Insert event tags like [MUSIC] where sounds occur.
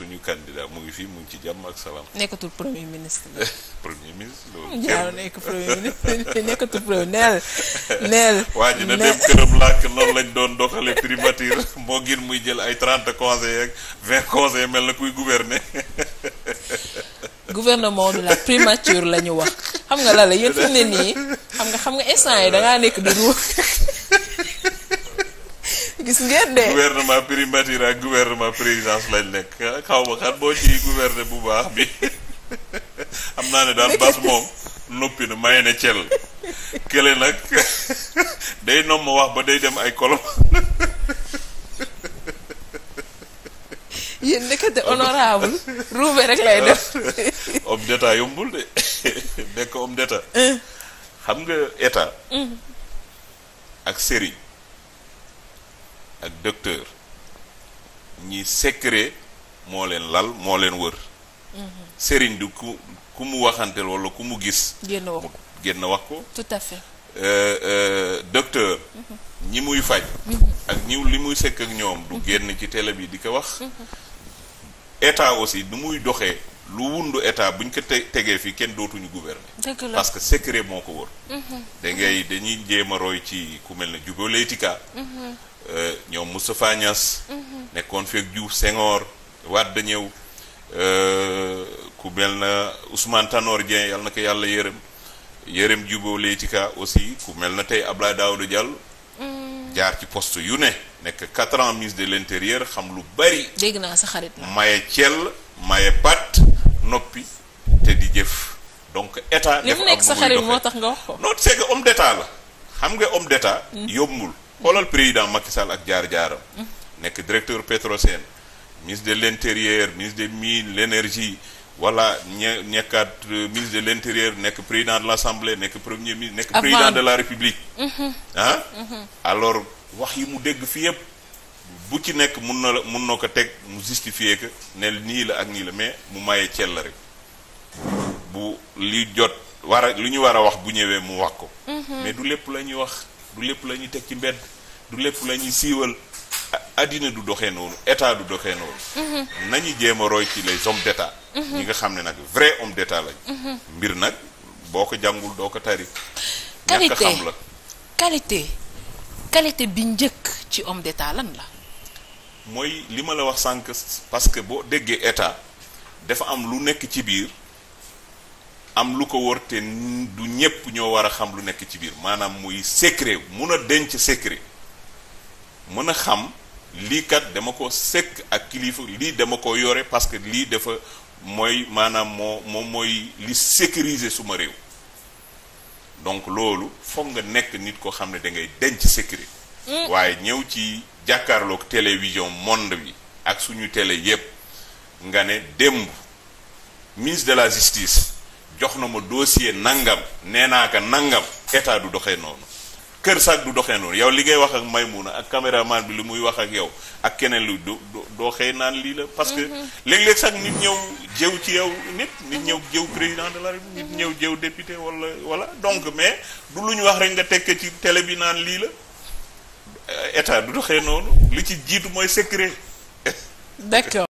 suñu candidat mu ngi fii mu ngi ci jàmm ak salaam. [LAUGHS] nekkatul premier ministre. [LAUGHS] premier ministre loolu. jaaroo nekk premier ministre nekkatul premier neel neel. [LAUGHS] waa dem këram làkk noonu lañ doon doxale primature moo gën muy jël ay trente conseillers ak vingt conseillers mel na kuy gouverner. gouvernement de la primature la wax xam nga la la fi mu ne nii xam nga xam nga instant yi da ngaa nekk du gis ngeen de. gouvernement primature lañ nekk xaw ma xat boo ci gouverner bu baax bi am naa ne daal bas moom noppi na may na cel kële nag day nomm wax ba day dem ay kolom yéen nekkate honorable ruube rek lay def homme d'état de nekk homme d'état xam nga état ak sëriñ ak docteur ñi secret moo leen lal moo leen wër mhm. sëriñ du ku ku mu waxanteel wala ku mu gis génn wax ko génn wax ko tout à fait euh, euh, mhm. ñi muy faj mhm. ak ñiw li muy sekk ak ñoom du génn ci télé bi di ko wax état aussi du muy doxee lu wundu état buñ ko te tegee fii kenn dootuñu gouverner parce que secret moo ko wër mhm. da ngay dañuy jéem a roy ci ku mel ne Juba Leyti-Ka mhm. euh, ñoom Moustapha Niass mhm. nekkoon feeg Diouf Senghor Wade ñëw euh, ku mel na Ousmane Tanor Dieng yàlla na ko yàlla yërëm yërëm Juba leyti aussi ku mel na tey Abdoulaye Daouda Diallo jaar ci poste yu ne nekk quatre ans ministre de l'intérieur xam lu bari dégg naa sa xarit maye cell maye pat noppi te di jëf donc état. def am nekk sa xarit moo tax nga wax ko. non c'est que d'état la xam nga homme d'état. Hmm. yombul xoolal président Macky Sall ak jaar-jaaram. Hmm. nekk directeur pétro Petrosen ministre de l'intérieur ministre des mines l'énergie wala ñe ñekkaat euh, ministre de l'intérieur nekk président de l'assemblée nekk premier ministre nekk président de la république ah alors wax yi mu dégg fi yëpp bu ci nekk mun na la mun na ko teg mu justifier que ne nii la ak nii la mais mu maye cell rek bu li jot war a li ñu war a wax bu ñëwee mu wax ko. Mhm. mais du lépp la ñuy wax du lépp la ñuy teg ci mbedd du lépp la ñuy siiwal àddina du doxe noonu état du doxee noonu. Mhm. nañu jéem a roy ci lay some d'état. Mhm. ñi nga xam ne nag vrai homme d'état lañ. mbir nag boo ko jàngul doo ko tari. ñàkk xam la qualité qualité bi njëkk ci homme d'état lan la. mooy li ma la wax sànq parce que boo déggee état dafa am lu nekk ci biir am lu ko wër te du ñépp ñoo war a xam lu nekk ci biir maanaam muy secret mun a denc secret mën a xam lii kat dama ko sekk ak kilifa lii dama ko yore parce que lii dafa mooy maanaam moo moom mooy li sécuriser suma réew donc loolu foog nga nekk nit koo xam ne dangay denc secret mm. waaye ñëw ci jàkkaarlook télévision monde bi ak suñu télé yépp nga ne démb ministre de la justice jox na ma dossier nangam nee naa ko nangam état du doxee noonu kër sax du doxee noonu yow li ngay wax ak Maymuna ak caméraman bi lu muy wax ak yow ak keneen lu do doxee naan lii la parce que mm-hmm. léeg-léeg sax nit ñëw jëw ci yow nit nit ñëw jëw président de la république nit ñëw jëw député wala wala donc mais du lu ñu wax rek nga tekke ci télé bi naan lii la état du doxee noonu li ci jiitu mooy secret. d'accord.